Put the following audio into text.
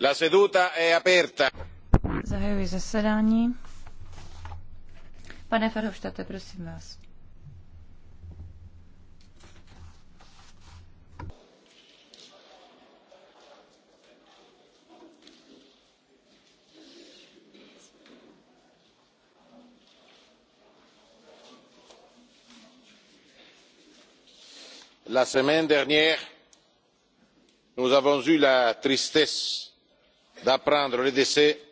La seduta Zahajuji zasedání. Pane Ferhoštate, prosím vás. La semaine dernière, nous avons eu la tristesse d'apprendre le décès